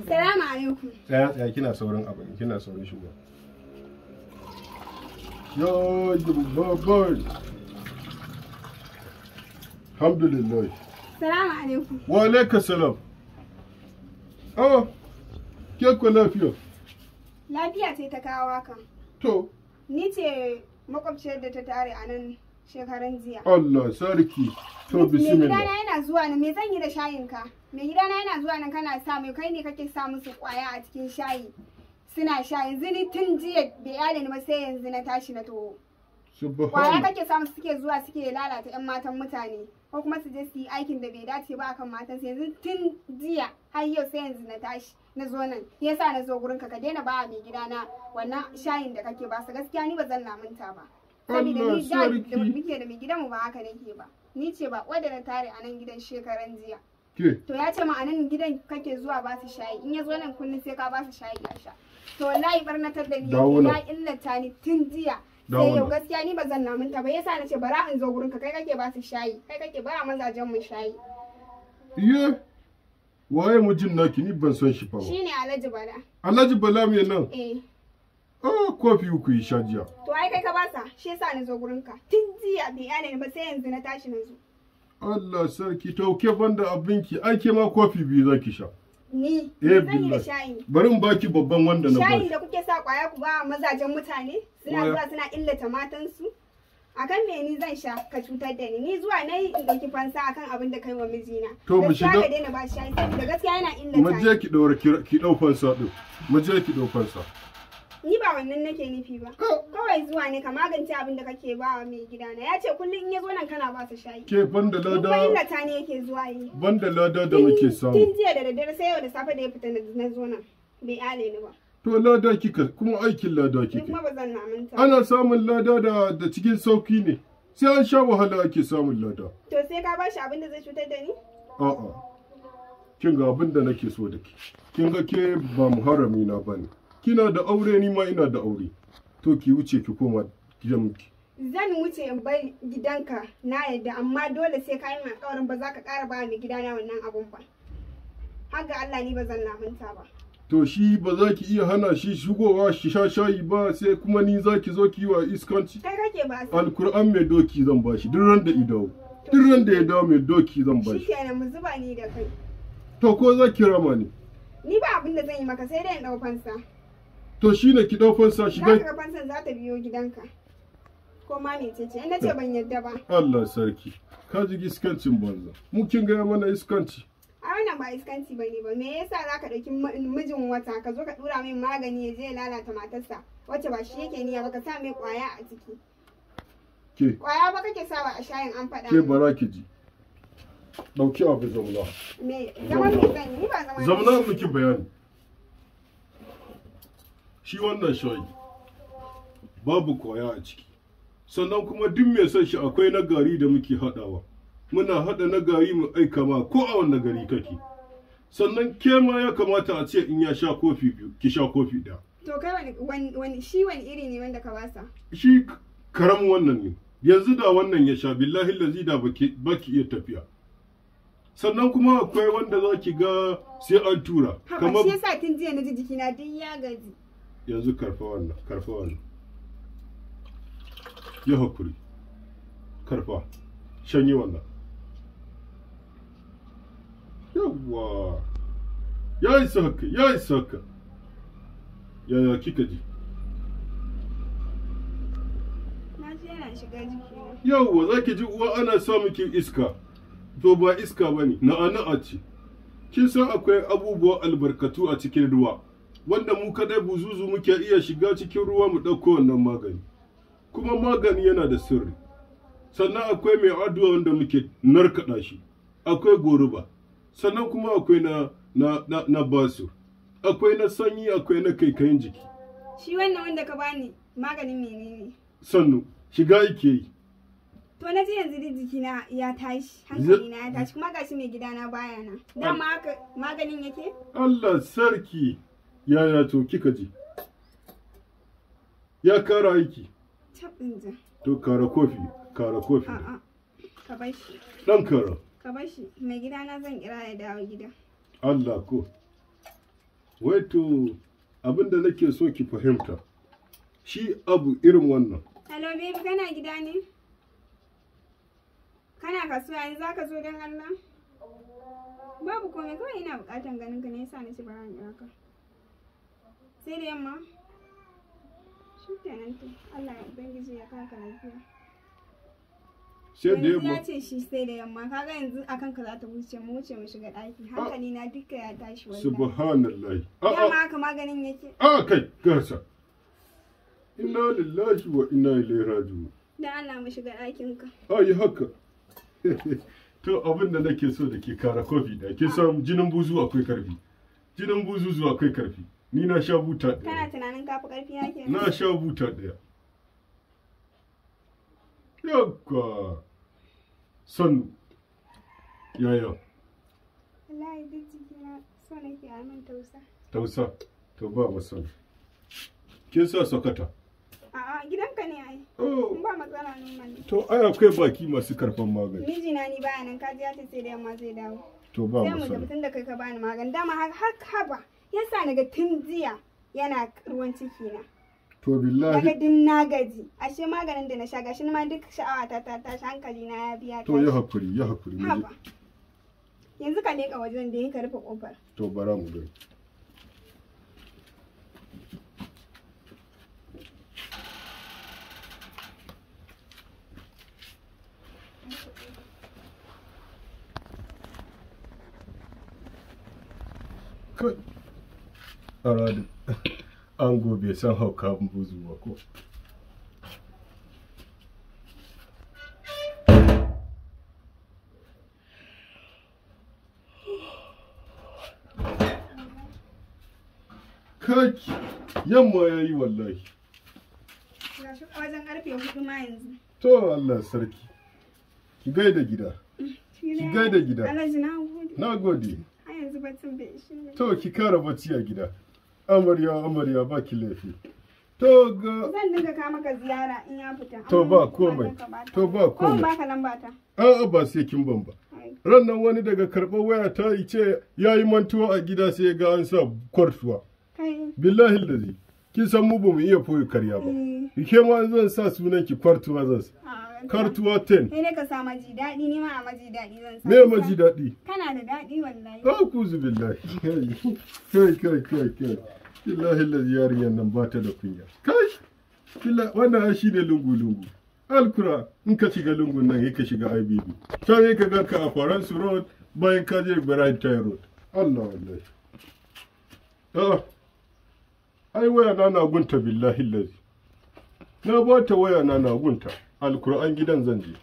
Salamu alaikum. Tsaya tsaya kina sauran abin kina sauran shigo. Yo babai. Alhamdulillah. Salamu alaikum. Wa alaikum salam. Oh, ke ku lafiya? Lafiya ce ta kawo haka. To. Ni ce makwabciyar da ta tare a nan shekaran jiya. Allah sarki. To bismillah. Mai gidana yana zuwa ne me zan yi da shayinka? mai gidana yana zuwa nan kana sa mai kai ne kake sa musu kwaya a cikin shayi suna sha yanzu ni tun jiya bai yada ni ba sai yanzu na tashi na toho kwaya kake musu suke zuwa suke lalata yan matan mutane ko kuma su je su yi aikin da bai dace ba akan matan su yanzu tun jiya har yau sai yanzu na tashi na zo nan yasa na zo gurin ka ka daina ba mai gidana wannan shayin da kake ba su gaskiya ni ba zan lamunta ba saboda ni da muke da mai gidanmu ba haka nake ba ni ce ba wadda na tare a nan gidan shekaran jiya to ya ce ma'anan gidan kake zuwa ba su shayi in ya zo nan kullum sai ka ba su shayi ya sha to wallahi barnatar da ni ya illata ni tun jiya sai yau gaskiya ni ba zan namunta ba yasa na ce bara in zo gurinka kai kake ba su shayi kai kake ba mazajen mu shayi iye waye mijin naki ni ban son shi fa ba shine Alhaji Bala Alhaji Bala me nan eh Oh, kofi uku yi sha jiya. To ai kai ka ba sa shi yasa na zo gurinka. ka. Tun jiya bai yana ba sai yanzu na tashi na zo. Allah sarki tauke banda abinki ai ke ma kofi biyu zaki sha ni eh billahi bari in baki babban wanda na baki Shayin da kuke sa kwaya ku ba mazajen mutane suna zuwa suna illata matansu akan me ni zan sha ka cutar da ni ni zuwa na yi in dauki fansa akan abin da kai wa mijina to mu shiga ka daina ba shayi da gaskiya yana illata mu je ki daura ki dau fansa din mu je ki dau fansa wannan nake nufi ba kawai zuwa ne ka magance abin da kake ba wa mai gida na ya ce kullum in ya zo nan kana ba su shayi ke banda lada ba inda ta ne yake zuwa yi banda lada da muke samu tun jiya da daddare sai yau da safe da ya fita na zo nan bai ale ni ba to lada kika kuma aikin lada kike. kuma ba zan aminta. ana samun lada da da cikin sauki ne sai an sha wahala ake samun lada to sai ka ba shi abin da zai cutar da ni a'a kin ga abin da nake so da ke kin ga ke ba muharrami na bane kina da aure ni ma ina da aure to ki wuce ki koma gidan ki zan wuce in bar gidanka na yadda amma dole sai ka yi min alƙawarin ba za ka ƙara ba ni gidana wannan abun ba har ga Allah ni ba zan lamunta ba to shi ba za ki iya hana shi shigowa shi sha shayi ba sai kuma ni za ki zo ki wa iskanci kai kake ba alkur'an mai doki zan ba shi duk da ido duk da ya dawo mai doki zan ba shi shikenan mu zuba ni da kai to ko za ki rama ni ni ba abin da zan yi maka sai dai in dau fansa to shine ki dau fansa za ka fansa za ta biyo gidanka ko ma ne ce ce ina ce ban yadda ba Allah sarki ka ji iskancin banza mu kin ga mana iskanci a wannan ba iskanci bane ba me yasa za ka dauki mijin wata ka zo ka dura mai magani ya je lalata matarsa wacce ba shi yake niyya ba ka sa mai kwaya a ciki ke kwaya ba kake sawa a shayin an faɗa ke bara ki ji dauki abu zauna me zaman ne zan yi ba bayani shi wannan shayi babu koya a ciki sannan kuma duk mai son shi akwai na gari da muke haɗawa muna haɗa na gari mu aika ma ko a wanne gari kake sannan ke ma ya kamata a ce in ya sha kofi biyu ki sha kofi ɗaya to kai wani shi wani iri ne wanda ka basa shi karamin wannan ne yanzu da wannan ya sha billahi lazi da baki iya tafiya sannan kuma akwai wanda za ki ga sai an tura kamar shi yasa tun jiya na ji jikina duk ya gaji yanzu karfa wannan karfa wannan yi hakuri karfa yi wannan yawwa ya isa haka ya isa haka yaya kika ji yawwa za ki ji uwa ana samun kin iska to ba iska ba ne na'a na'a ce kin san akwai abubuwan albarkatu a cikin ruwa wanda mu kadai buzuzu muke iya shiga cikin ruwa mu ɗauko wannan magani kuma magani yana da sirri sannan akwai mai addu'a wanda muke narkaɗa shi akwai goruba sannan kuma akwai na na na, na akwai na sanyi akwai na kaikayin jiki shi wannan wanda ka bani maganin menene sannu shiga yake yi to na ji yanzu jikina ya tashi hankali na ya tashi kuma gashi mai gidana baya na dama maganin yake Allah sarki yaya to kika ji ya kara aiki to kara kofi kara kofi a, ka bar shi dan kara ka bar shi mai gida na zan kira ya dawo gida Allah ko wai to abin da nake so ki fahimta shi abu irin wannan hello baby kana gida ne kana kasuwa yanzu zaka zo dan Allah babu komai kawai ina bukatan ganin ka ne yasa nake ci bara in sai da yamma shi kenan to Allah ya ubangiji ya kaka lafiya sai da ya ce shi sai da yamma kaga yanzu akan ka za ta wuce mu wuce mu shiga daki ah. hankali na duka ya tashi Subhanallah. subhanallahi yamma ah, ah. ka maganin yake a kai gasa inna lillahi wa inna ilaihi raji'un da Allah mu shiga ɗakin ka ai haka to abin da nake so da ke kara kofi da ke san jinin buzu akwai karfi jinin buzu zuwa akwai karfi ni na sha buta ɗaya kana tunanin kafi ƙarfi yake? ke na sha buta ɗaya yauka Son yaya wallahi duk jikina so nake a min tausa tausa to ba wa son. kin sa sakata a'a gidanka ne ai in oh. ba matsala nan to ai akwai baki masu karfan magani mijina ni ba nan kaji ya ce sai da yamma zai dawo to ba son. sai mu tafi tunda kai ka bani magani dama har haba yasa naga tun jiya yana ruwan ciki na to billahi daga din na gaji ashe maganin da na sha gashi ma duk sha'awa ta ta tashi hankali na ya biya to ya hakuri ya hakuri yanzu ka leka wajen da ka rufe kofar to bara mu gani Good. aradu uh, an gobe san hauka buzu ba kaki yamma ya yi wallahi wajen hudu ma yanzu to allah sarki ki gaida gida ki gaida gida na gode a yanzu bai to ki kara bacci a gida amarya amarya ba ki laifi to ga zan dinga ka maka ziyara in ya fita to ba komai to ba komai ba ka lamba ta a'a ba sai kin ban ba ran nan wani daga karɓar waya ta yi ce yayi mantuwa a gida sai ga an sa kwartuwa billahi lazi kin san mu bamu iya foyi karya ba eh. ke ma zan sa sunan ki kwartuwa zan sa ah, kartuwa 10 ne ka sa maji daɗi ni ma a maji daɗi zan sa me maji daɗi kana da daɗi wallahi ku billahi kai kai kai kai billahi la yariyar nan ba ta da kunya kai wannan shi ne lungu-lungu alkura in ka shiga lungun nan yake shiga ibb can yake ga ka a faransu road bayan ka je bright road allah Allah. ah ai waya na na gunta billahi lazi na bata waya na na gunta an gidan zan je